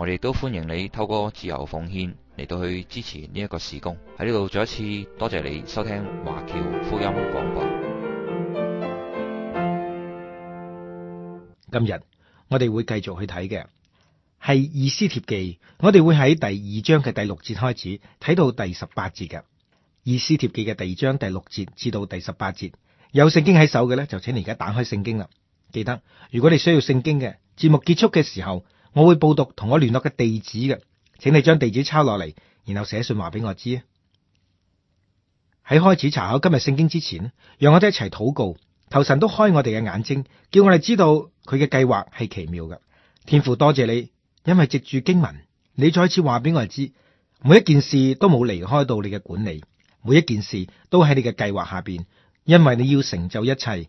我哋都歡迎你透過自由奉獻嚟到去支持呢一個事工。喺呢度再一次多謝你收聽華僑福音廣播。今日我哋會繼續去睇嘅係《以斯帖記》，我哋會喺第二章嘅第六節開始睇到第十八節嘅《以斯帖記》嘅第二章第六節至到第十八節。有聖經喺手嘅咧，就請你而家打開聖經啦。記得，如果你需要聖經嘅節目結束嘅時候。我會報讀同我聯絡嘅地址嘅，請你將地址抄落嚟，然後寫信話俾我知。喺開始查考今日聖經之前，讓我哋一齊禱告，求神都開我哋嘅眼睛，叫我哋知道佢嘅計劃係奇妙嘅。天父，多謝你，因為藉住經文，你再次話俾我哋知，每一件事都冇離開到你嘅管理，每一件事都喺你嘅計劃下面，因為你要成就一切，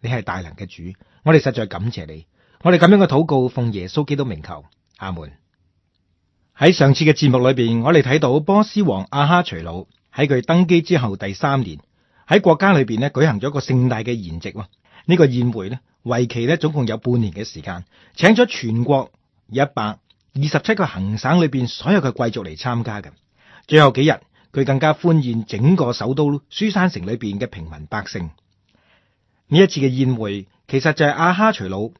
你係大能嘅主，我哋實在感謝你。我哋咁樣嘅禱告，奉耶穌基督名求。阿門。喺上次嘅節目裏邊，我哋睇到波斯王阿哈隨魯喺佢登基之後第三年，喺國家裏邊咧舉行咗一個盛大嘅筵席。呢、呢個宴會呢，為期咧總共有半年嘅時間，請咗全國一百二十七個行省裏邊所有嘅貴族嚟參加嘅。最後幾日，佢更加歡宴整個首都書珊城裏邊嘅平民百姓。呢一次嘅宴會，其實就係阿哈隨魯。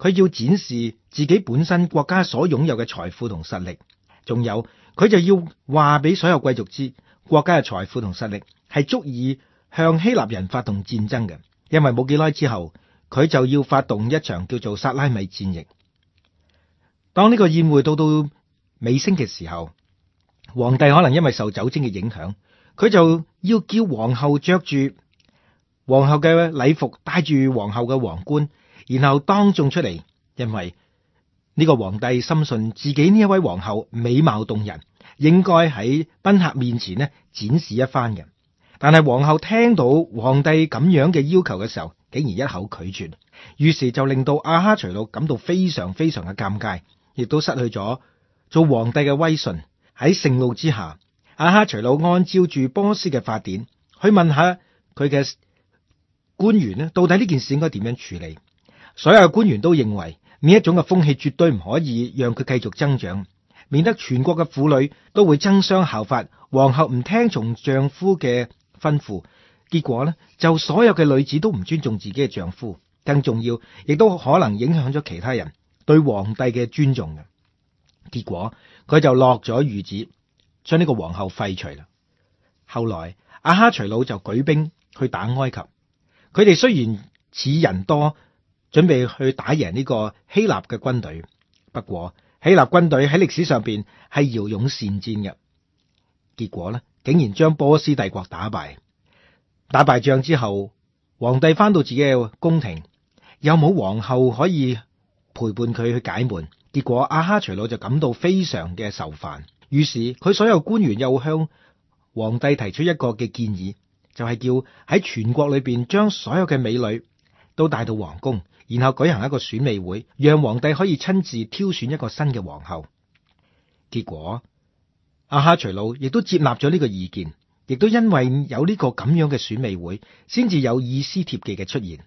佢要展示自己本身國家所擁有嘅財富同實力，仲有佢就要話俾所有貴族知國家嘅財富同實力係足以向希臘人發動戰爭嘅。因為冇幾耐之後，佢就要發動一場叫做薩拉米戰役。當呢個宴會到到尾聲嘅時候，皇帝可能因為受酒精嘅影響，佢就要叫皇后着住皇后嘅禮服，戴住皇后嘅皇冠。然後當眾出嚟，因為呢個皇帝深信自己呢一位皇后美貌動人，應該喺賓客面前呢展示一番嘅。但係皇后聽到皇帝咁樣嘅要求嘅時候，竟然一口拒絕，於是就令到亞哈隨魯感到非常非常嘅尷尬，亦都失去咗做皇帝嘅威信。喺盛怒之下，亞哈隨魯按照住波斯嘅法典去問下佢嘅官員咧，到底呢件事應該點樣處理？所有官員都認為呢一種嘅風氣絕對唔可以讓佢繼續增長，免得全國嘅婦女都會爭相效法皇后，唔聽從丈夫嘅吩咐。結果呢，就所有嘅女子都唔尊重自己嘅丈夫，更重要，亦都可能影響咗其他人對皇帝嘅尊重嘅。結果佢就落咗御旨，將呢個皇后廢除啦。後來亞哈隨魯就舉兵去打埃及，佢哋雖然似人多。準備去打贏呢個希臘嘅軍隊，不過希臘軍隊喺歷史上邊係驍勇善戰嘅，結果呢竟然將波斯帝國打敗。打敗仗之後，皇帝返到自己嘅宮廷，又冇皇后可以陪伴佢去解悶。結果亞哈隨魯就感到非常嘅愁煩。於是佢所有官員又向皇帝提出一個嘅建議，就係、是、叫喺全國裏邊將所有嘅美女都帶到皇宮。然後舉行一個選美會，讓皇帝可以親自挑選一個新嘅皇后。結果亞哈隨魯亦都接納咗呢個意見，亦都因為有呢個咁樣嘅選美會，先至有以斯帖記嘅出現。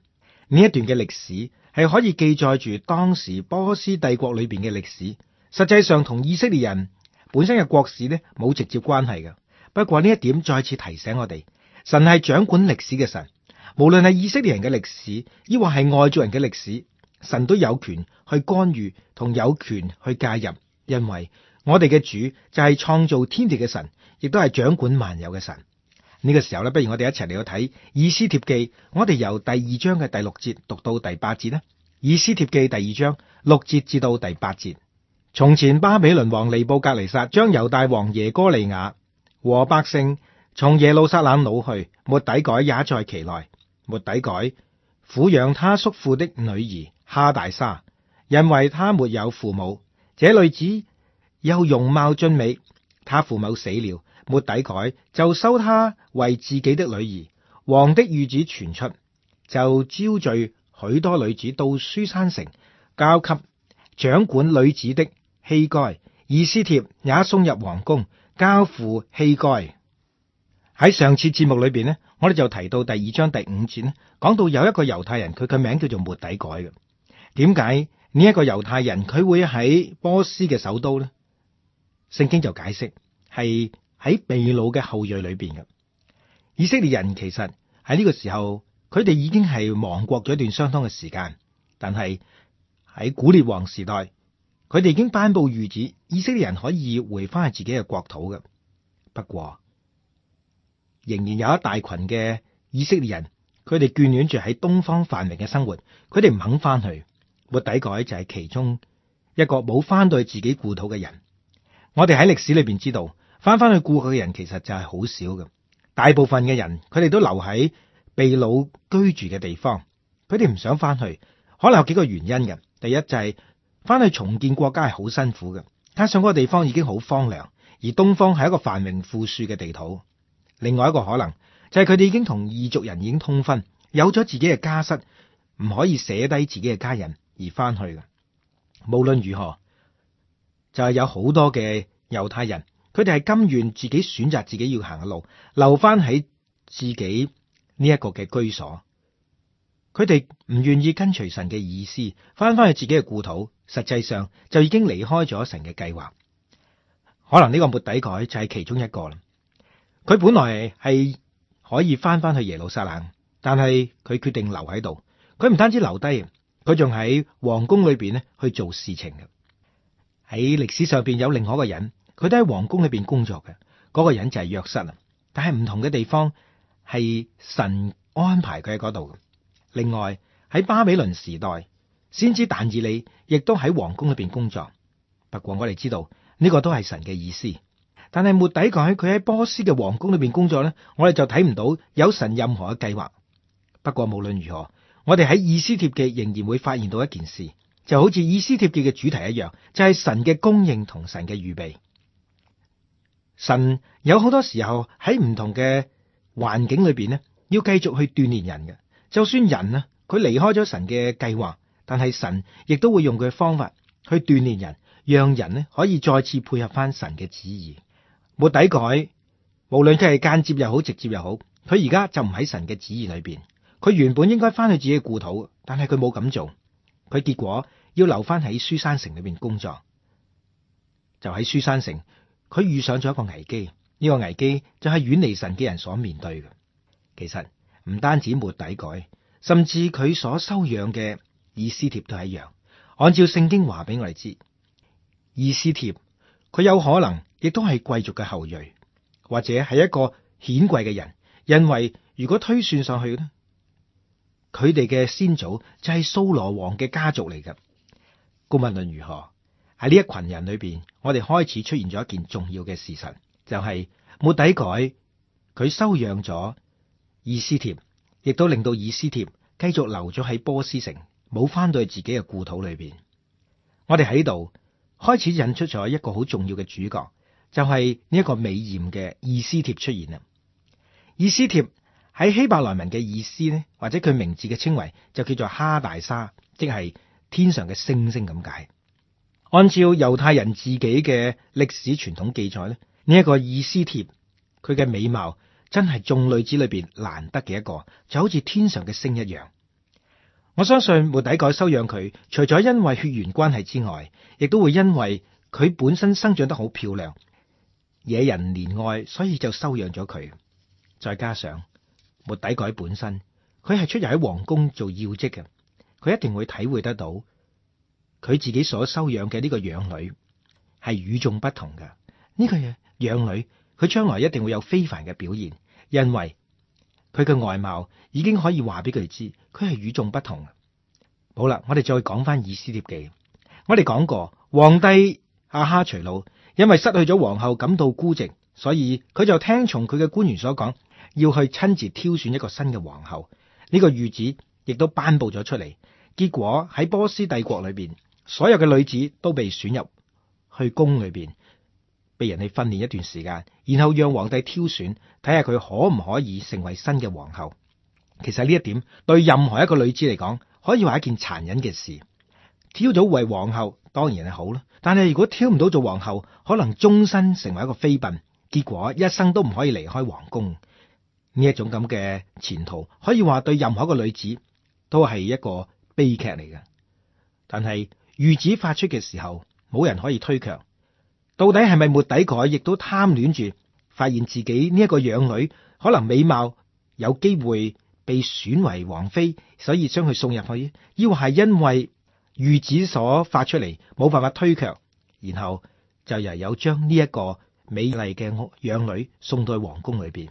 呢一段嘅歷史係可以記載住當時波斯帝國裏邊嘅歷史，實際上同以色列人本身嘅國史呢冇直接關係嘅。不過呢一點再次提醒我哋，神係掌管歷史嘅神。無論係以色列人嘅歷史，抑或係外族人嘅歷史，神都有權去干預，同有權去介入，因為我哋嘅主就係創造天地嘅神，亦都係掌管萬有嘅神。呢、呢個時候咧，不如我哋一齊嚟去睇《以斯帖記》，我哋由第二章嘅第六節讀到第八節呢，《以斯帖記》第二章六節至到第八節。從前巴比倫王尼布甲尼撒將猶大王耶哥尼雅和百姓從耶路撒冷擄去，末底改也在其內。末底改撫養他叔父的女兒哈大沙，因為他沒有父母。這女子又容貌俊美，他父母死了，末底改就收他為自己的女兒。王的諭旨傳出，就招聚許多女子到書珊城，交給掌管女子的希該，以斯帖也送入王宮，交付希該。喺上次節目裏邊呢，我哋就提到第二章第五節咧，講到有一個猶太人，佢嘅名叫做末底改嘅。點解呢一個猶太人佢會喺波斯嘅首都咧？聖經就解釋係喺被擄嘅後裔裏邊嘅。以色列人其實喺呢個時候，佢哋已經係亡國咗一段相當嘅時間。但係喺古列王時代，佢哋已經頒布諭旨，以色列人可以回翻自己嘅國土嘅。不過，仍然有一大群嘅以色列人，佢哋眷戀住喺東方繁榮嘅生活，佢哋唔肯翻去。末底改就係其中一個冇翻到去自己故土嘅人。我哋喺歷史裏邊知道，翻翻去故土嘅人其實就係好少嘅。大部分嘅人，佢哋都留喺秘魯居住嘅地方，佢哋唔想翻去。可能有幾個原因嘅，第一就係、是、翻去重建國家係好辛苦嘅，加上嗰個地方已經好荒涼，而東方係一個繁榮富庶嘅地土。另外一個可能就係佢哋已經同異族人已經通婚，有咗自己嘅家室，唔可以捨低自己嘅家人而翻去嘅。無論如何，就係有好多嘅猶太人，佢哋係甘願自己選擇自己要行嘅路，留翻喺自己呢一個嘅居所。佢哋唔願意跟隨神嘅意思，翻翻去自己嘅故土，實際上就已經離開咗神嘅計劃。可能呢個末底改就係其中一個啦。佢本來係可以翻翻去耶路撒冷，但係佢決定留喺度。佢唔單止留低，佢仲喺皇宮裏邊咧去做事情嘅。喺歷史上邊有另外一個人，佢都喺皇宮裏邊工作嘅。嗰、那個人就係約瑟啊，但係唔同嘅地方係神安排佢喺嗰度。另外喺巴比倫時代，先知但以理亦都喺皇宮裏邊工作。不過我哋知道呢、這個都係神嘅意思。但係末底改喺佢喺波斯嘅皇宮裏邊工作呢，我哋就睇唔到有神任何嘅計劃。不過無論如何，我哋喺《以斯帖記》仍然會發現到一件事，就好似《以斯帖記》嘅主題一樣，就係、是、神嘅供應同神嘅預備。神有好多時候喺唔同嘅環境裏邊呢，要繼續去鍛煉人嘅。就算人啊，佢離開咗神嘅計劃，但係神亦都會用佢嘅方法去鍛煉人，讓人咧可以再次配合翻神嘅旨意。末底改，無論佢係間接又好，直接又好，佢而家就唔喺神嘅旨意裏邊。佢原本應該翻去自己嘅故土，但係佢冇咁做，佢結果要留翻喺書珊城裏邊工作。就喺書珊城，佢遇上咗一個危機。呢、這個危機就係遠離神嘅人所面對嘅。其實唔單止末底改，甚至佢所收養嘅以斯帖都係一樣，按照聖經話俾我哋知，以斯帖佢有可能。亦都係貴族嘅後裔，或者係一個顯貴嘅人。因為如果推算上去咧，佢哋嘅先祖就係掃羅王嘅家族嚟嘅。姑勿論如何，喺呢一群人裏邊，我哋開始出現咗一件重要嘅事實，就係末底改，佢收養咗以斯帖，亦都令到以斯帖繼續留咗喺波斯城，冇翻到自己嘅故土裏邊。我哋喺度開始引出咗一個好重要嘅主角。就係呢一個美艷嘅以斯帖出現啦。以斯帖喺希伯來文嘅意思咧，或者佢名字嘅稱為就叫做哈大沙，即係天上嘅星星咁解。按照猶太人自己嘅歷史傳統記載咧，呢、這、一個以斯帖佢嘅美貌真係眾女子裏邊難得嘅一個，就好似天上嘅星一樣。我相信末底改收養佢，除咗因為血緣關係之外，亦都會因為佢本身生長得好漂亮。惹人憐愛，所以就收養咗佢。再加上末底改本身，佢係出入喺皇宮做要職嘅，佢一定會體會得到，佢自己所收養嘅呢個養女係與眾不同嘅。呢、這個嘢養女，佢將來一定會有非凡嘅表現，因為佢嘅外貌已經可以話俾佢知，佢係與眾不同。好啦，我哋再講返以斯帖記，我哋講過皇帝阿、啊、哈隨魯。因為失去咗皇后，感到孤寂，所以佢就聽從佢嘅官員所講，要去親自挑選一個新嘅皇后。呢個諭旨亦都頒布咗出嚟。結果喺波斯帝國裏邊，所有嘅女子都被選入去宮裏邊，俾人哋訓練一段時間，然後讓皇帝挑選，睇下佢可唔可以成為新嘅皇后。其實呢一點對任何一個女子嚟講，可以話一件殘忍嘅事。挑咗為皇后當然係好啦，但係如果挑唔到做皇后，可能終身成為一個妃嬪，結果一生都唔可以離開皇宮。呢一種咁嘅前途，可以話對任何一個女子都係一個悲劇嚟嘅。但係諭旨發出嘅時候，冇人可以推卻。到底係咪末底改，亦都貪戀住發現自己呢一個養女可能美貌有機會被選為皇妃，所以將佢送入去，抑或係因為？諭旨所發出嚟，冇辦法推卻，然後就又有將呢一個美麗嘅養女送到去皇宮裏邊。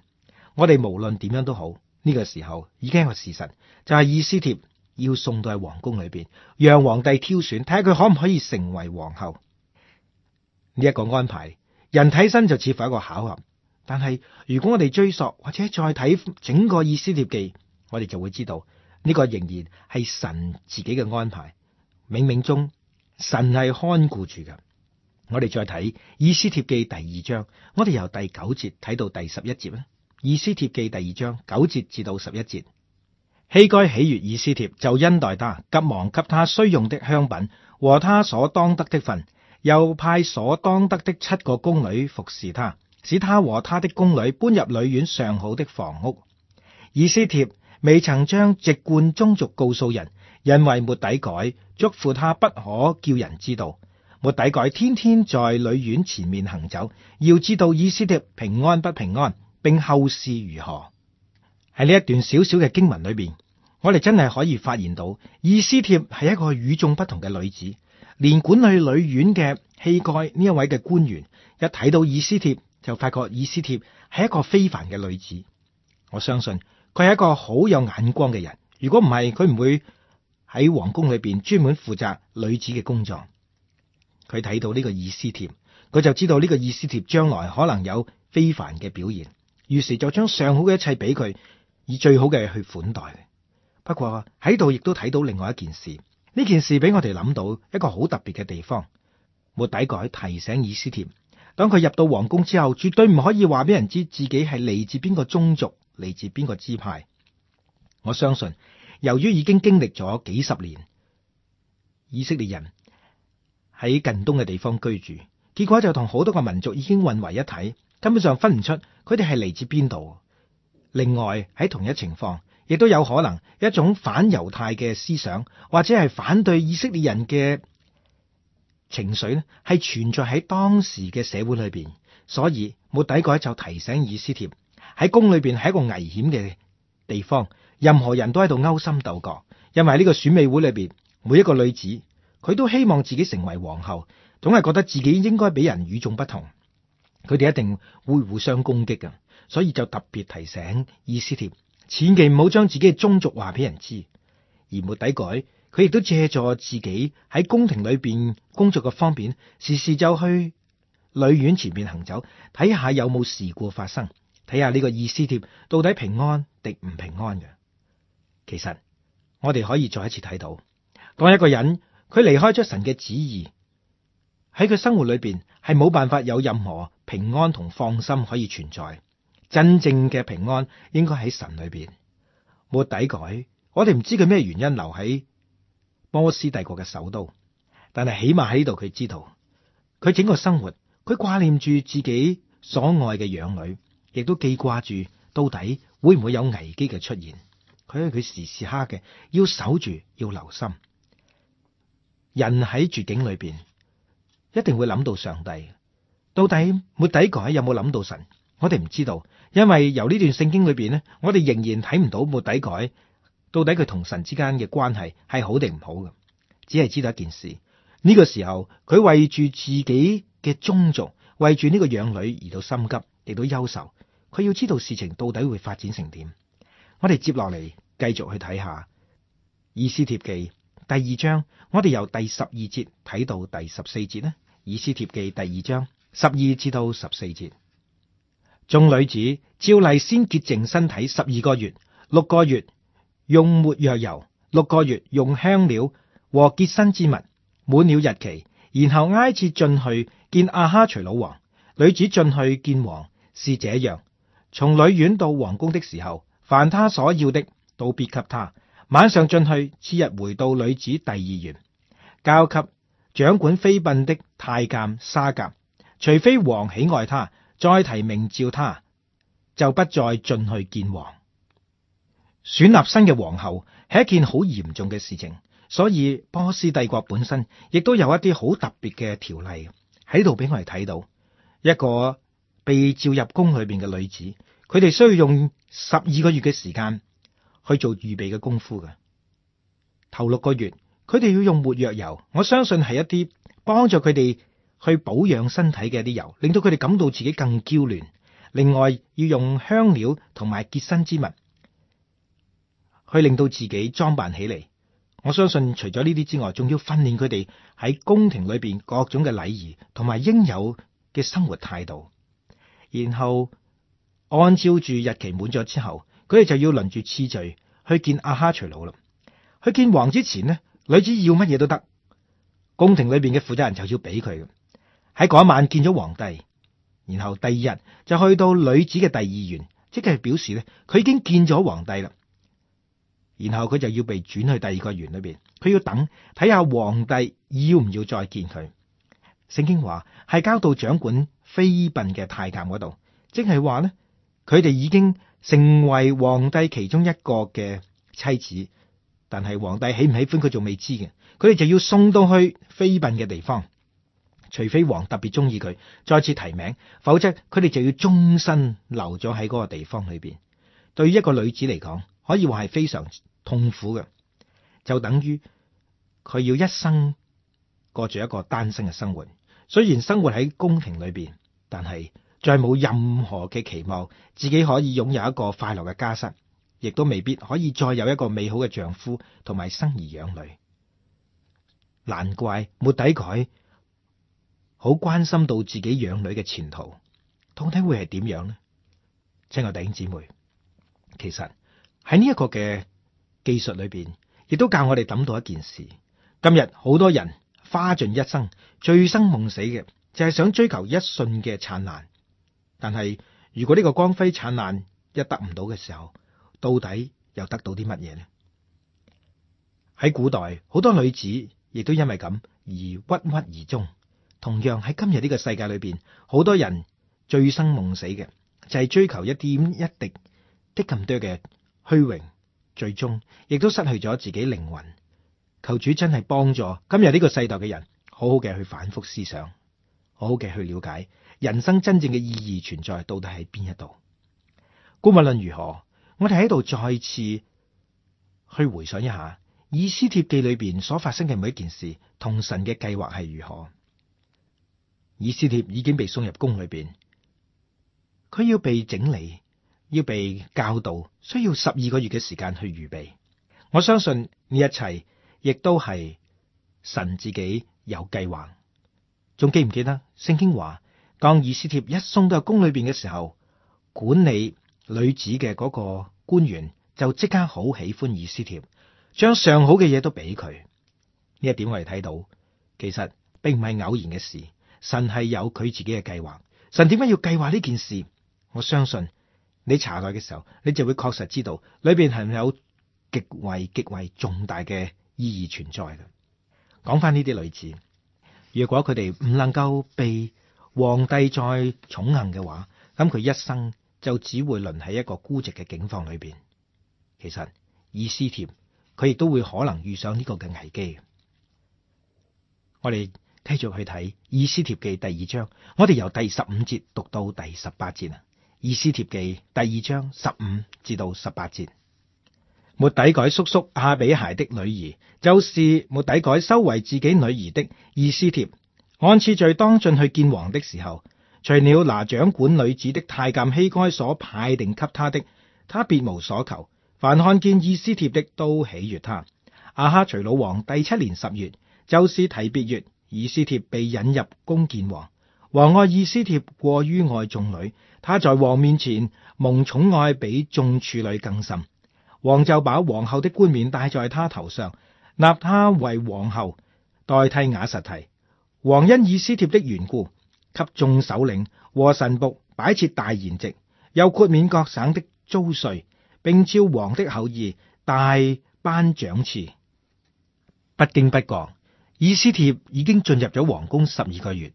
我哋無論點樣都好，呢、這個時候已經係個事實，就係、是、以斯帖要送到去皇宮裏邊，讓皇帝挑選，睇下佢可唔可以成為皇后呢一、這個安排。人睇身就似乎一個巧合，但係如果我哋追溯或者再睇整個《以斯帖記》，我哋就會知道呢、這個仍然係神自己嘅安排。冥冥中，神係看顧住嘅。我哋再睇《以斯帖記》第二章，我哋由第九節睇到第十一節啦。《以斯帖記》第二章九節至到十一節，希該喜悦以斯帖，就恩待他，急忙給他需用的香品和他所當得的份，又派所當得的七個宮女服侍他，使他和他的宮女搬入女院上好的房屋。以斯帖。未曾將籍貫宗族告訴人，因為末底改，囑咐他不可叫人知道。末底改，天天在女院前面行走，要知道以斯帖平安不平安，並後事如何。喺呢一段小小嘅經文裏面，我哋真係可以發現到，以斯帖係一個與眾不同嘅女子。連管理女院嘅希該呢一位嘅官員，一睇到以斯帖，就發覺以斯帖係一個非凡嘅女子。我相信。佢係一個好有眼光嘅人，如果唔係，佢唔會喺皇宮裏邊專門負責女子嘅工作。佢睇到呢個以斯帖，佢就知道呢個以斯帖將來可能有非凡嘅表現，於是就將上好嘅一切俾佢，以最好嘅去款待。不過喺度亦都睇到另外一件事，呢件事俾我哋諗到一個好特別嘅地方。末底改提醒以斯帖，當佢入到皇宮之後，絕對唔可以話俾人知自己係嚟自邊個宗族。嚟自邊個支派？我相信，由於已經經歷咗幾十年，以色列人喺近東嘅地方居住，結果就同好多個民族已經混為一體，根本上分唔出佢哋係嚟自邊度。另外喺同一情況，亦都有可能一種反猶太嘅思想，或者係反對以色列人嘅情緒咧，係存在喺當時嘅社會裏邊，所以末底改就提醒以斯帖。喺宮裏邊係一個危險嘅地方，任何人都喺度勾心鬥角。因為呢個選美會裏邊，每一個女子佢都希望自己成為皇后，總係覺得自己應該俾人與眾不同。佢哋一定會互相攻擊嘅，所以就特別提醒以斯帖，千祈唔好將自己嘅宗族話俾人知，而末底改。佢亦都借助自己喺宮廷裏邊工作嘅方便，時時就去女院前面行走，睇下有冇事故發生。睇下呢個以斯帖到底平安定唔平安嘅？其實我哋可以再一次睇到，當一個人佢離開咗神嘅旨意，喺佢生活裏邊係冇辦法有任何平安同放心可以存在。真正嘅平安應該喺神裏邊。末底改，我哋唔知佢咩原因留喺波斯帝國嘅首都，但係起碼喺度佢知道，佢整個生活佢掛念住自己所愛嘅養女。亦都記掛住，到底會唔會有危機嘅出現？佢喺佢時時刻嘅要守住，要留心。人喺絕境裏邊，一定會諗到上帝。到底末底改有冇諗到神？我哋唔知道，因為由呢段聖經裏邊咧，我哋仍然睇唔到末底改到底佢同神之間嘅關係係好定唔好嘅。只係知道一件事：呢個時候佢為住自己嘅宗族，為住呢個養女而到心急，而到憂愁。佢要知道事情到底會發展成點。我哋接落嚟繼續去睇下《以斯帖記》第二章。我哋由第十二節睇到第十四節呢，《以斯帖記》第二章十二至到十四節。眾女子照例先潔淨身體十二個月，六個月用抹藥油，六個月用香料和潔身之物，滿了日期，然後挨次進去見阿哈隨老王。女子進去見王是這樣。從女院到皇宮的時候，凡他所要的，都必給他。晚上進去，次日回到女子第二院，交給掌管妃嬪的太監沙甲，除非王喜愛他，再提名召他，就不再進去見王。選立新嘅皇后係一件好嚴重嘅事情，所以波斯帝國本身亦都有一啲好特別嘅條例喺度俾我哋睇到一個。被召入宮裏邊嘅女子，佢哋需要用十二個月嘅時間去做預備嘅功夫。嘅頭六個月，佢哋要用沒藥油，我相信係一啲幫助佢哋去保養身體嘅一啲油，令到佢哋感到自己更嬌嫩。另外要用香料同埋潔身之物去令到自己裝扮起嚟。我相信除咗呢啲之外，仲要訓練佢哋喺宮廷裏邊各種嘅禮儀同埋應有嘅生活態度。然後按照住日期滿咗之後，佢哋就要輪住次序去見亞哈隨魯啦。去見皇之前呢，女子要乜嘢都得，宮廷裏邊嘅負責人就要俾佢。喺嗰一晚見咗皇帝，然後第二日就去到女子嘅第二院，即係表示咧佢已經見咗皇帝啦。然後佢就要被轉去第二個院裏邊，佢要等睇下皇帝要唔要再見佢。聖經話係交到掌管妃嬪嘅太監嗰度，即係話咧，佢哋已經成為皇帝其中一個嘅妻子，但係皇帝喜唔喜歡佢仲未知嘅，佢哋就要送到去妃嬪嘅地方，除非皇特別中意佢再次提名，否則佢哋就要終身留咗喺嗰個地方裏邊。對於一個女子嚟講，可以話係非常痛苦嘅，就等於佢要一生過住一個單身嘅生活。雖然生活喺宮廷裏邊，但係再冇任何嘅期望，自己可以擁有一個快樂嘅家室，亦都未必可以再有一個美好嘅丈夫同埋生兒養女。難怪末底改好關心到自己養女嘅前途，到底會係點樣呢？親愛弟兄姊妹，其實喺呢一個嘅記述裏邊，亦都教我哋諗到一件事：今日好多人。花盡一生，醉生夢死嘅，就係想追求一瞬嘅燦爛。但係如果呢個光輝燦爛一得唔到嘅時候，到底又得到啲乜嘢呢？喺古代好多女子亦都因為咁而鬱郁而終。同樣喺今日呢個世界裏邊，好多人醉生夢死嘅，就係追求一點一滴的咁多嘅虛榮，最終亦都失去咗自己靈魂。求主真係幫助今日呢個世代嘅人，好好嘅去反復思想，好好嘅去了解人生真正嘅意義存在到底係邊一度。故無論如何，我哋喺度再次去回想一下以斯帖記裏邊所發生嘅每一件事，同神嘅計劃係如何。以斯帖已經被送入宮裏邊，佢要被整理，要被教導，需要十二個月嘅時間去預備。我相信呢一切。亦都係神自己有計劃，仲記唔記得聖經話，當以斯帖一送到宮裏邊嘅時候，管理女子嘅嗰個官員就即刻好喜歡以斯帖，將上好嘅嘢都俾佢。呢一點我哋睇到，其實並唔係偶然嘅事，神係有佢自己嘅計劃。神點解要計劃呢件事？我相信你查內嘅時候，你就會確實知道裏邊係咪有極為極為重大嘅。意義存在嘅。講翻呢啲例子，如果佢哋唔能夠被皇帝再寵幸嘅話，咁佢一生就只會淪喺一個孤寂嘅境況裏邊。其實以斯帖佢亦都會可能遇上呢個嘅危機。我哋繼續去睇《以斯帖記》第二章，我哋由第十五節讀到第十八節啊，《以斯帖記》第二章十五至到十八節。末底改叔叔亞比孩的女兒，就是末底改收為自己女兒的以斯帖。按次序當進去見王的時候，除了拿掌管女子的太監希該所派定給他的，他別無所求。凡看見以斯帖的都喜悅他。亞哈隨魯王第七年十月，就是提別月，以斯帖被引入宮見王。王愛以斯帖過於愛眾女，他在王面前蒙寵愛比眾處女更甚。王就把皇后的冠冕戴在他頭上，納他為皇后，代替瓦實提。王因以斯帖的緣故，給眾首領和臣僕擺設大筵席，又豁免各省的租稅，並照王的厚意大頒賞賜。不經不覺，以斯帖已經進入咗皇宮十二個月，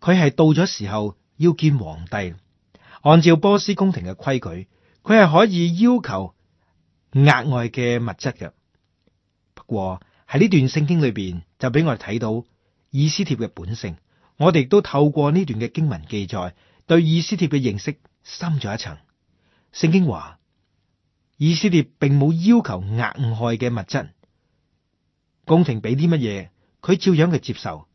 佢係到咗時候要見皇帝。按照波斯宮廷嘅規矩，佢係可以要求。額外嘅物質嘅，不過喺呢段聖經裏邊就俾我哋睇到以斯帖嘅本性。我哋亦都透過呢段嘅經文記載，對以斯帖嘅認識深咗一層。聖經話，以斯帖並冇要求額外嘅物質，宮廷俾啲乜嘢，佢照樣嘅接受。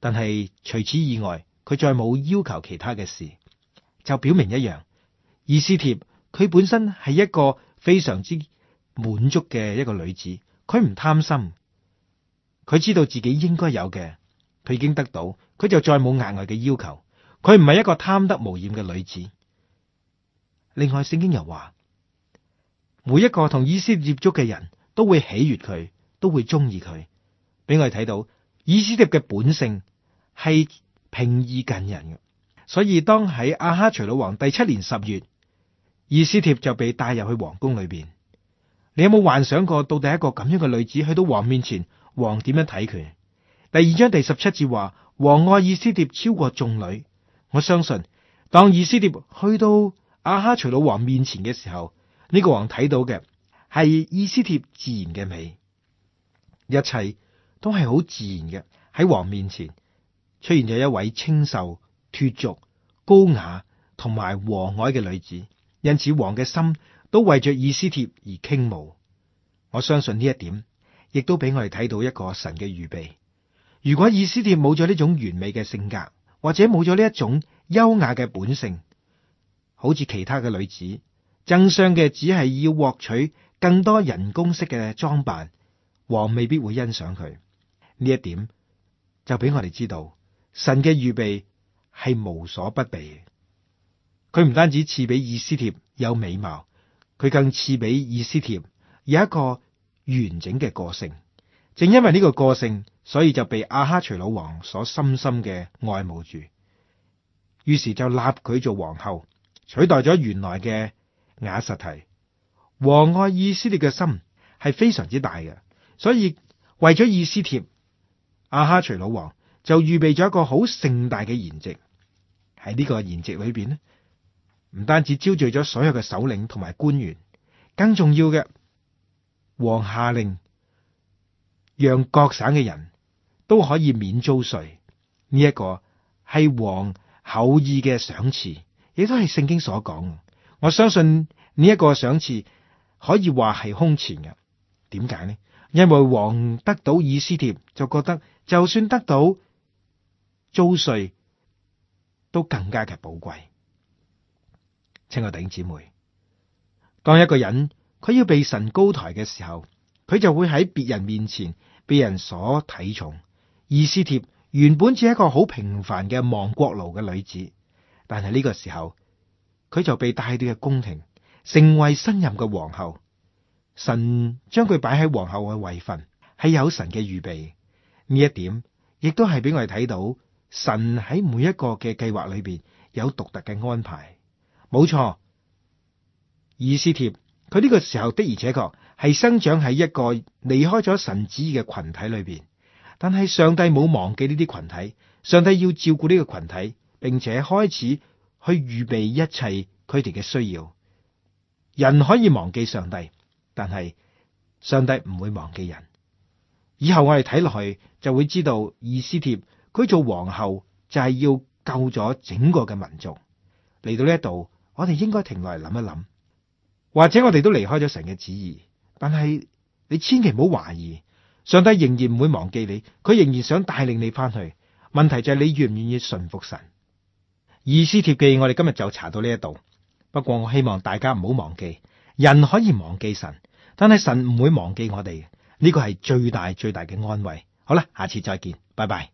但係除此以外，佢再冇要求其他嘅事，就表明一樣，以斯帖佢本身係一個。非常之滿足嘅一個女子，佢唔貪心，佢知道自己應該有嘅，佢已經得到，佢就再冇額外嘅要求，佢唔係一個貪得無厭嘅女子。另外，聖經又話，每一個同以斯帖接觸嘅人都會喜悦佢，都會中意佢，俾我哋睇到以斯帖嘅本性係平易近人嘅，所以當喺亞哈隨魯王第七年十月。以斯帖就被帶入去皇宮裏邊。你有冇幻想過，到底一個咁樣嘅女子去到王面前，王點樣睇佢？第二章第十七節話，王愛以斯帖超過眾女。我相信，當以斯帖去到亞哈隨魯王面前嘅時候，呢個王睇到嘅係以斯帖自然嘅美，一切都係好自然嘅。喺王面前出現咗一位清秀、脫俗、高雅同埋和藹嘅女子。因此，王嘅心都為着以斯帖而傾慕。我相信呢一點，亦都俾我哋睇到一個神嘅預備。如果以斯帖冇咗呢種完美嘅性格，或者冇咗呢一種優雅嘅本性，好似其他嘅女子，爭相嘅只係要獲取更多人工式嘅裝扮，王未必會欣賞佢。呢一點就俾我哋知道，神嘅預備係無所不備。佢唔單止賜俾以斯帖有美貌，佢更賜俾以斯帖有一個完整嘅個性。正因為呢個個性，所以就被阿哈隨老王所深深嘅愛慕住。於是就立佢做皇后，取代咗原來嘅雅實提。王愛以斯帖嘅心係非常之大嘅，所以為咗以斯帖，阿哈隨老王就預備咗一個好盛大嘅筵席。喺呢個筵席裏邊咧，唔單止招聚咗所有嘅首領同埋官員，更重要嘅，王下令讓各省嘅人都可以免租稅。呢、這、一個係王厚意嘅賞賜，亦都係聖經所講。我相信呢一個賞賜可以話係空前嘅。點解呢？因為王得到以斯帖，就覺得就算得到租稅，都更加嘅寶貴。請個頂姐妹，當一個人佢要被神高抬嘅時候，佢就會喺別人面前被人所睇重。以斯帖原本只係一個好平凡嘅亡國奴嘅女子，但係呢個時候佢就被帶到嘅宮廷，成為新任嘅皇后。神將佢擺喺皇后嘅位份，係有神嘅預備。呢一點亦都係俾我哋睇到，神喺每一個嘅計劃裏邊有獨特嘅安排。冇錯，以斯帖佢呢個時候的而且確係生長喺一個離開咗神旨意嘅群體裏邊，但係上帝冇忘記呢啲群體，上帝要照顧呢個群體，並且開始去預備一切佢哋嘅需要。人可以忘記上帝，但係上帝唔會忘記人。以後我哋睇落去就會知道，以斯帖佢做皇后就係要救咗整個嘅民族。嚟到呢一度。我哋應該停落嚟諗一諗，或者我哋都離開咗神嘅旨意。但係你千祈唔好懷疑，上帝仍然唔會忘記你，佢仍然想帶領你翻去。問題就係你願唔願意順服神？以斯帖記我哋今日就查到呢一度。不過我希望大家唔好忘記，人可以忘記神，但係神唔會忘記我哋。呢個係最大最大嘅安慰。好啦，下次再見，拜拜。